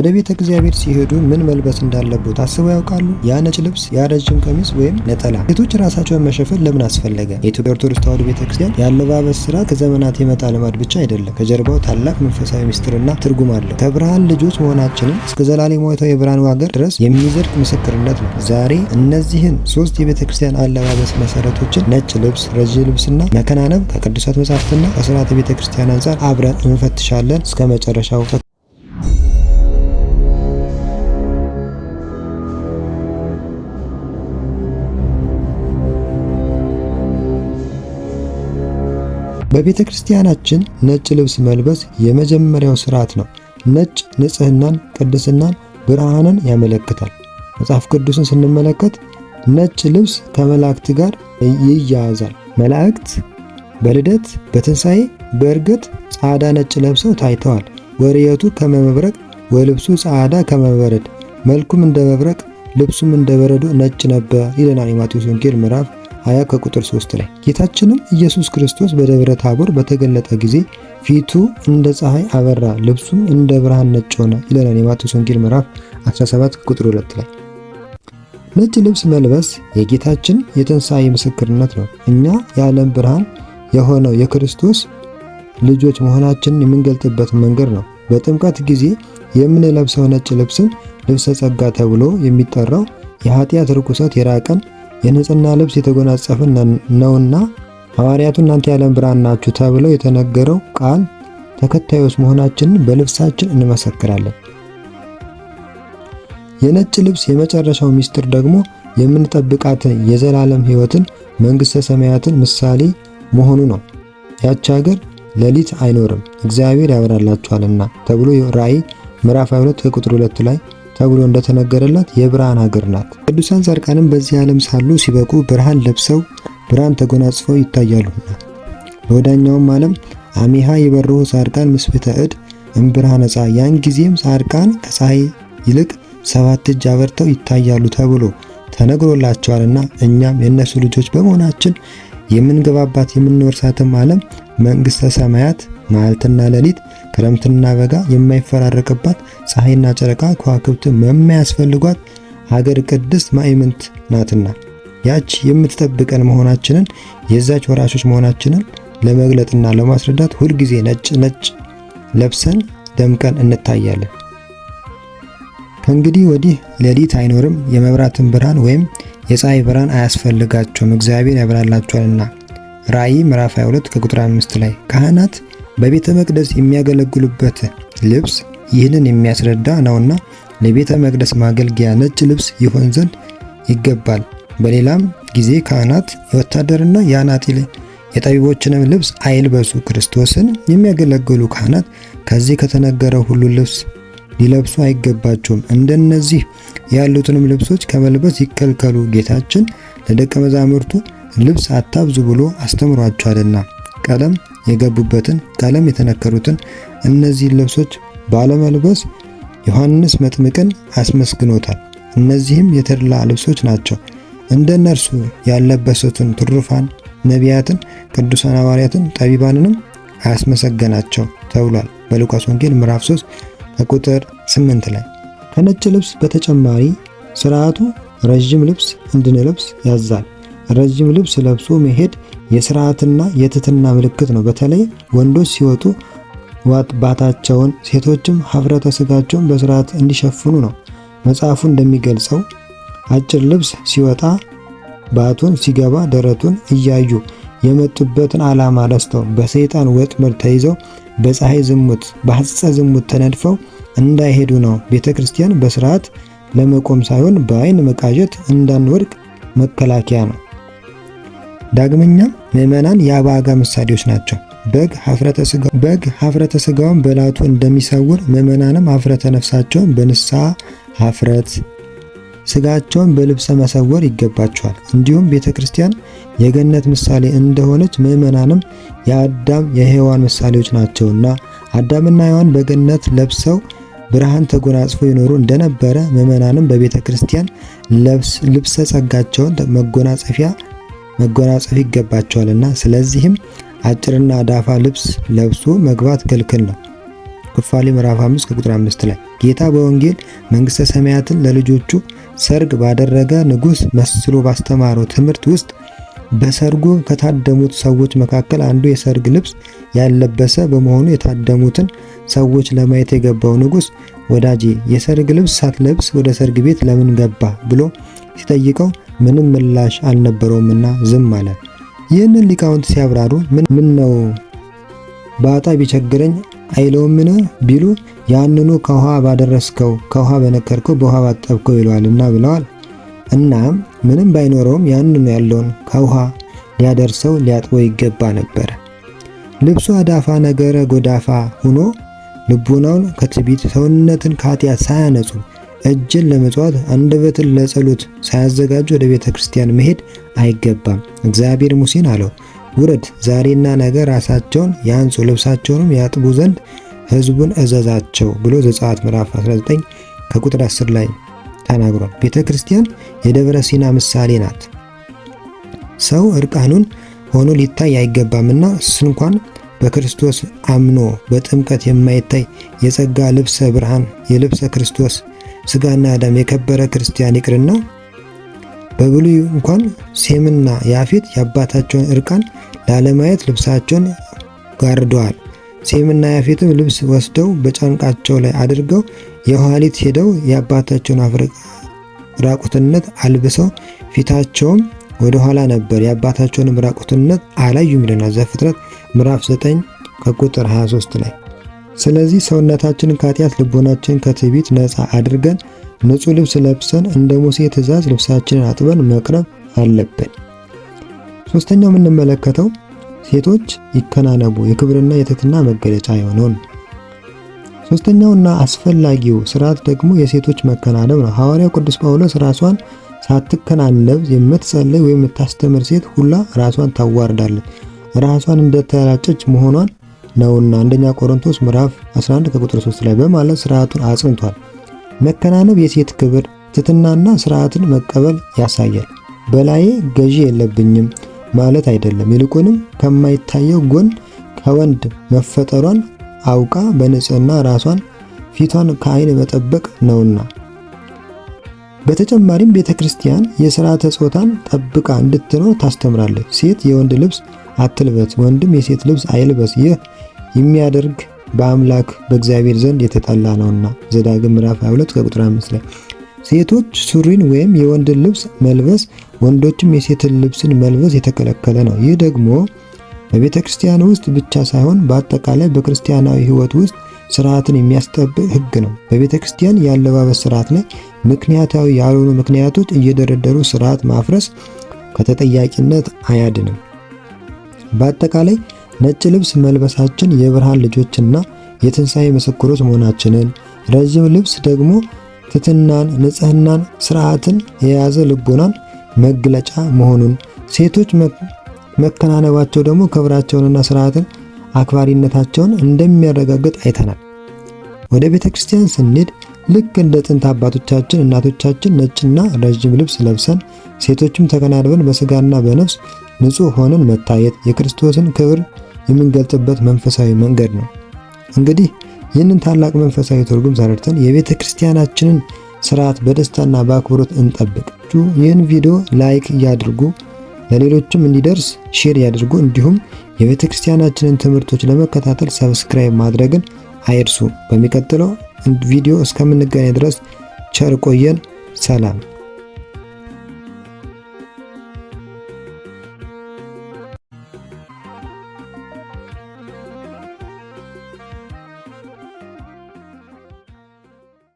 ወደ ቤተ እግዚአብሔር ሲሄዱ ምን መልበስ እንዳለቦት አስበው ያውቃሉ? ያ ነጭ ልብስ፣ ያ ረጅም ቀሚስ ወይም ነጠላ? ሴቶች ራሳቸውን መሸፈን ለምን አስፈለገ? የኢትዮጵያ ኦርቶዶክስ ተዋሕዶ ቤተ ክርስቲያን የአለባበስ ስርዓት ከዘመናት የመጣ ልማድ ብቻ አይደለም። ከጀርባው ታላቅ መንፈሳዊ ምስጢርና ትርጉም አለው። ከብርሃን ልጆች መሆናችንን እስከ ዘላለማዊቷ የብርሃን ዋገር ድረስ የሚዘልቅ ምስክርነት ነው። ዛሬ እነዚህን ሶስት የቤተ ክርስቲያን አለባበስ መሰረቶችን ነጭ ልብስ፣ ረጅም ልብስና መከናነብ ከቅዱሳት መጻሕፍትና ከስርዓተ ቤተ ክርስቲያን አንጻር አብረን እንፈትሻለን። እስከ መጨረሻው በቤተ ክርስቲያናችን ነጭ ልብስ መልበስ የመጀመሪያው ስርዓት ነው። ነጭ ንጽህናን፣ ቅድስናን፣ ብርሃንን ያመለክታል። መጽሐፍ ቅዱስን ስንመለከት ነጭ ልብስ ከመላእክት ጋር ይያያዛል። መላእክት በልደት፣ በትንሣኤ፣ በእርገት ጻዕዳ ነጭ ለብሰው ታይተዋል። ወርየቱ ከመመብረቅ ወልብሱ ጻዕዳ ከመበረድ መልኩም እንደ መብረቅ ልብሱም እንደ በረዶ ነጭ ነበር ይለናል የማቴዎስ ወንጌል ምዕራፍ 20 ከቁጥር 3 ላይ ጌታችንም ኢየሱስ ክርስቶስ በደብረ ታቦር በተገለጠ ጊዜ ፊቱ እንደ ፀሐይ አበራ፣ ልብሱም እንደ ብርሃን ነጭ ሆነ ይለናል የማቴዎስ ወንጌል ምዕራፍ 17 ቁጥር 2 ላይ። ነጭ ልብስ መልበስ የጌታችን የትንሣኤ ምስክርነት ነው። እኛ የዓለም ብርሃን የሆነው የክርስቶስ ልጆች መሆናችንን የምንገልጥበት መንገድ ነው። በጥምቀት ጊዜ የምንለብሰው ነጭ ልብስን ልብሰ ጸጋ ተብሎ የሚጠራው የኃጢአት ርኩሰት የራቀን የንጽህና ልብስ የተጎናጸፈ ነውና ሐዋርያቱ እናንተ የዓለም ብርሃን ናችሁ ተብለው የተነገረው ቃል ተከታዮች መሆናችንን በልብሳችን እንመሰክራለን። የነጭ ልብስ የመጨረሻው ምስጢር ደግሞ የምንጠብቃትን የዘላለም ሕይወትን መንግሥተ ሰማያትን ምሳሌ መሆኑ ነው። ያች ሀገር ሌሊት አይኖርም እግዚአብሔር ያበራላችኋልና ተብሎ ራእይ ምዕራፍ 22 ቁጥር 2 ላይ ተብሎ እንደተነገረላት የብርሃን ሀገር ናት። ቅዱሳን ጻድቃንም በዚህ ዓለም ሳሉ ሲበቁ ብርሃን ለብሰው ብርሃን ተጎናጽፈው ይታያሉና በወዳኛውም ዓለም አሜሃ የበርሁ ጻድቃን ምስብተ እድ እምብርሃነ ፀሐይ፣ ያን ጊዜም ጻድቃን ከፀሐይ ይልቅ ሰባት እጅ አበርተው ይታያሉ ተብሎ ተነግሮላቸዋልና እኛም የእነሱ ልጆች በመሆናችን የምንገባባት የምንወርሳትም ዓለም መንግሥተ ሰማያት መዓልትና ሌሊት ክረምትና በጋ የማይፈራረቅባት ፀሐይና ጨረቃ ከዋክብት የማያስፈልጓት ሀገር ቅድስት ማእምንት ናትና ያች የምትጠብቀን መሆናችንን የዛች ወራሾች መሆናችንን ለመግለጥና ለማስረዳት ሁልጊዜ ነጭ ነጭ ለብሰን ደምቀን እንታያለን። ከእንግዲህ ወዲህ ሌሊት አይኖርም፣ የመብራትን ብርሃን ወይም የፀሐይ ብርሃን አያስፈልጋቸውም፣ እግዚአብሔር ያብራላቸዋልና። ራእይ ምዕራፍ 22 ከቁጥር 5 ላይ ካህናት በቤተ መቅደስ የሚያገለግሉበት ልብስ ይህንን የሚያስረዳ ነውና ለቤተ መቅደስ ማገልገያ ነጭ ልብስ ይሆን ዘንድ ይገባል። በሌላም ጊዜ ካህናት የወታደርና የአናጢ የጠቢቦችንም ልብስ አይልበሱ። ክርስቶስን የሚያገለግሉ ካህናት ከዚህ ከተነገረው ሁሉ ልብስ ሊለብሱ አይገባቸውም። እንደነዚህ ያሉትንም ልብሶች ከመልበስ ይከልከሉ። ጌታችን ለደቀ መዛሙርቱ ልብስ አታብዙ ብሎ አስተምሯቸዋልና ቀለም የገቡበትን ቀለም የተነከሩትን እነዚህን ልብሶች ባለመልበስ ዮሐንስ መጥምቅን አስመስግኖታል። እነዚህም የተድላ ልብሶች ናቸው። እንደ እነርሱ ያለበሱትን ትሩፋን ነቢያትን፣ ቅዱሳን ሐዋርያትን፣ ጠቢባንንም አያስመሰገናቸው ተብሏል በሉቃስ ወንጌል ምዕራፍ 3 ከቁጥር 8 ላይ። ከነጭ ልብስ በተጨማሪ ስርዓቱ ረዥም ልብስ እንድንለብስ ያዛል። ረዥም ልብስ ለብሶ መሄድ የስርዓትና የትህትና ምልክት ነው። በተለይ ወንዶች ሲወጡ ባታቸውን፣ ሴቶችም ሀፍረተ ስጋቸውን በስርዓት እንዲሸፍኑ ነው። መጽሐፉ እንደሚገልጸው አጭር ልብስ ሲወጣ ባቱን፣ ሲገባ ደረቱን እያዩ የመጡበትን ዓላማ ረስተው በሰይጣን ወጥመድ ተይዘው በፀሐይ ዝሙት፣ በሐጸ ዝሙት ተነድፈው እንዳይሄዱ ነው። ቤተ ክርስቲያን በስርዓት ለመቆም ሳይሆን በአይን መቃዠት እንዳንወድቅ መከላከያ ነው። ዳግመኛም የአባ የአባጋ ምሳሌዎች ናቸው። በግ ሀፍረተ ስጋውን በላቱ እንደሚሰውር ምእመናንም ሀፍረተ ነፍሳቸውን በንስሐ ሀፍረት ስጋቸውን በልብሰ መሰወር ይገባቸዋል። እንዲሁም ቤተ ክርስቲያን የገነት ምሳሌ እንደሆነች ምእመናንም የአዳም የሔዋን ምሳሌዎች ናቸውና አዳምና ሔዋን በገነት ለብሰው ብርሃን ተጎናጽፎ ይኖሩ እንደነበረ ምእመናንም በቤተ ክርስቲያን ልብሰ ጸጋቸውን መጎናጸፊያ መጎናጸፍ ይገባቸዋልና ስለዚህም አጭርና አዳፋ ልብስ ለብሶ መግባት ክልክል ነው። ኩፋሌ ምዕራፍ 5 ከቁጥር 5 ላይ ጌታ በወንጌል መንግሥተ ሰማያትን ለልጆቹ ሰርግ ባደረገ ንጉሥ መስሎ ባስተማረው ትምህርት ውስጥ በሰርጉ ከታደሙት ሰዎች መካከል አንዱ የሰርግ ልብስ ያለበሰ በመሆኑ የታደሙትን ሰዎች ለማየት የገባው ንጉሥ ወዳጄ የሰርግ ልብስ ሳትለብስ ወደ ሰርግ ቤት ለምን ገባ ብሎ ሲጠይቀው ምንም ምላሽ አልነበረውምና ዝም አለ። ይህንን ሊቃውንት ሲያብራሩ ምን ነው ባጣ ቢቸግረኝ አይለውምን ቢሉ ያንኑ ከውሃ ባደረስከው ከውሃ በነከርከው በውሃ ባጠብከው ይለዋልና ብለዋል። እናም ምንም ባይኖረውም ያንኑ ያለውን ከውሃ ሊያደርሰው ሊያጥበው ይገባ ነበር። ልብሱ አዳፋ ነገረ ጎዳፋ ሆኖ ልቡናውን ከትቢት ሰውነትን ከኃጢአት ሳያነጹ እጅን ለመጽዋት አንደበትን ለጸሎት ሳያዘጋጁ ወደ ቤተ ክርስቲያን መሄድ አይገባም። እግዚአብሔር ሙሴን አለው፣ ውረድ ዛሬና ነገ ራሳቸውን ያንጹ ልብሳቸውንም ያጥቡ ዘንድ ሕዝቡን እዘዛቸው ብሎ ዘጸአት ምዕራፍ 19 ከቁጥር 10 ላይ ተናግሯል። ቤተ ክርስቲያን የደብረ ሲና ምሳሌ ናት። ሰው እርቃኑን ሆኖ ሊታይ አይገባምና ስንኳን በክርስቶስ አምኖ በጥምቀት የማይታይ የጸጋ ልብሰ ብርሃን የልብሰ ክርስቶስ ስጋና ደም የከበረ ክርስቲያን ይቅርና በብሉይ እንኳን ሴምና ያፌት የአባታቸውን እርቃን ላለማየት ልብሳቸውን ጋርደዋል። ሴምና ያፌትም ልብስ ወስደው በጫንቃቸው ላይ አድርገው የኋሊት ሄደው የአባታቸውን ራቁትነት አልብሰው ፊታቸውም ወደኋላ ነበር። የአባታቸውንም ራቁትነት አላዩም ይለናል ዘፍጥረት ምዕራፍ 9 ከቁጥር 23 ላይ ስለዚህ ሰውነታችንን ከኃጢአት ልቦናችንን ከትዕቢት ነፃ አድርገን ንጹህ ልብስ ለብሰን እንደ ሙሴ ትእዛዝ ልብሳችንን አጥበን መቅረብ አለብን። ሶስተኛው የምንመለከተው ሴቶች ይከናነቡ የክብርና የትህትና መገለጫ የሆነውን ሶስተኛውና አስፈላጊው ስርዓት ደግሞ የሴቶች መከናነብ ነው። ሐዋርያው ቅዱስ ጳውሎስ ራሷን ሳትከናነብ የምትጸልይ ወይም የምታስተምር ሴት ሁላ ራሷን ታዋርዳለች፣ ራሷን እንደተላጨች መሆኗን ነውና አንደኛ ቆሮንቶስ ምዕራፍ 11 ከቁጥር 3 ላይ በማለት ስርዓቱን አጽንቷል። መከናነብ የሴት ክብር፣ ትትናና ስርዓትን መቀበል ያሳያል። በላዬ ገዢ የለብኝም ማለት አይደለም። ይልቁንም ከማይታየው ጎን ከወንድ መፈጠሯን አውቃ በንጽህና ራሷን ፊቷን ከአይን መጠበቅ ነውና በተጨማሪም ቤተ ክርስቲያን የሥርዓተ ጾታን ጠብቃ እንድትኖር ታስተምራለች። ሴት የወንድ ልብስ አትልበስ፣ ወንድም የሴት ልብስ አይልበስ፣ ይህ የሚያደርግ በአምላክ በእግዚአብሔር ዘንድ የተጠላ ነውና ዘዳግም ምዕራፍ 22 ከቁጥር 5 ላይ። ሴቶች ሱሪን ወይም የወንድን ልብስ መልበስ፣ ወንዶችም የሴትን ልብስን መልበስ የተከለከለ ነው። ይህ ደግሞ በቤተ ክርስቲያን ውስጥ ብቻ ሳይሆን በአጠቃላይ በክርስቲያናዊ ሕይወት ውስጥ ስርዓትን የሚያስጠብቅ ህግ ነው። በቤተ ክርስቲያን የአለባበስ ስርዓት ላይ ምክንያታዊ ያልሆኑ ምክንያቶች እየደረደሩ ስርዓት ማፍረስ ከተጠያቂነት አያድንም። በአጠቃላይ ነጭ ልብስ መልበሳችን የብርሃን ልጆችና የትንሣኤ ምስክሮች መሆናችንን፣ ረዥም ልብስ ደግሞ ትትናን፣ ንጽህናን፣ ስርዓትን የያዘ ልቦናን መግለጫ መሆኑን፣ ሴቶች መከናነባቸው ደግሞ ክብራቸውንና ስርዓትን አክባሪነታቸውን እንደሚያረጋግጥ አይተናል። ወደ ቤተ ክርስቲያን ስንሄድ ልክ እንደ ጥንት አባቶቻችን እናቶቻችን ነጭና ረዥም ልብስ ለብሰን ሴቶችም ተከናንበን በስጋና በነፍስ ንጹሕ ሆነን መታየት የክርስቶስን ክብር የምንገልጥበት መንፈሳዊ መንገድ ነው። እንግዲህ ይህንን ታላቅ መንፈሳዊ ትርጉም ተረድተን የቤተ ክርስቲያናችንን ስርዓት በደስታና በአክብሮት እንጠብቅ። ይህን ቪዲዮ ላይክ እያድርጉ ለሌሎችም እንዲደርስ ሼር ያድርጉ። እንዲሁም የቤተ ክርስቲያናችንን ትምህርቶች ለመከታተል ሰብስክራይብ ማድረግን አይርሱ። በሚቀጥለው ቪዲዮ እስከምንገናኝ ድረስ ቸር ቆየን። ሰላም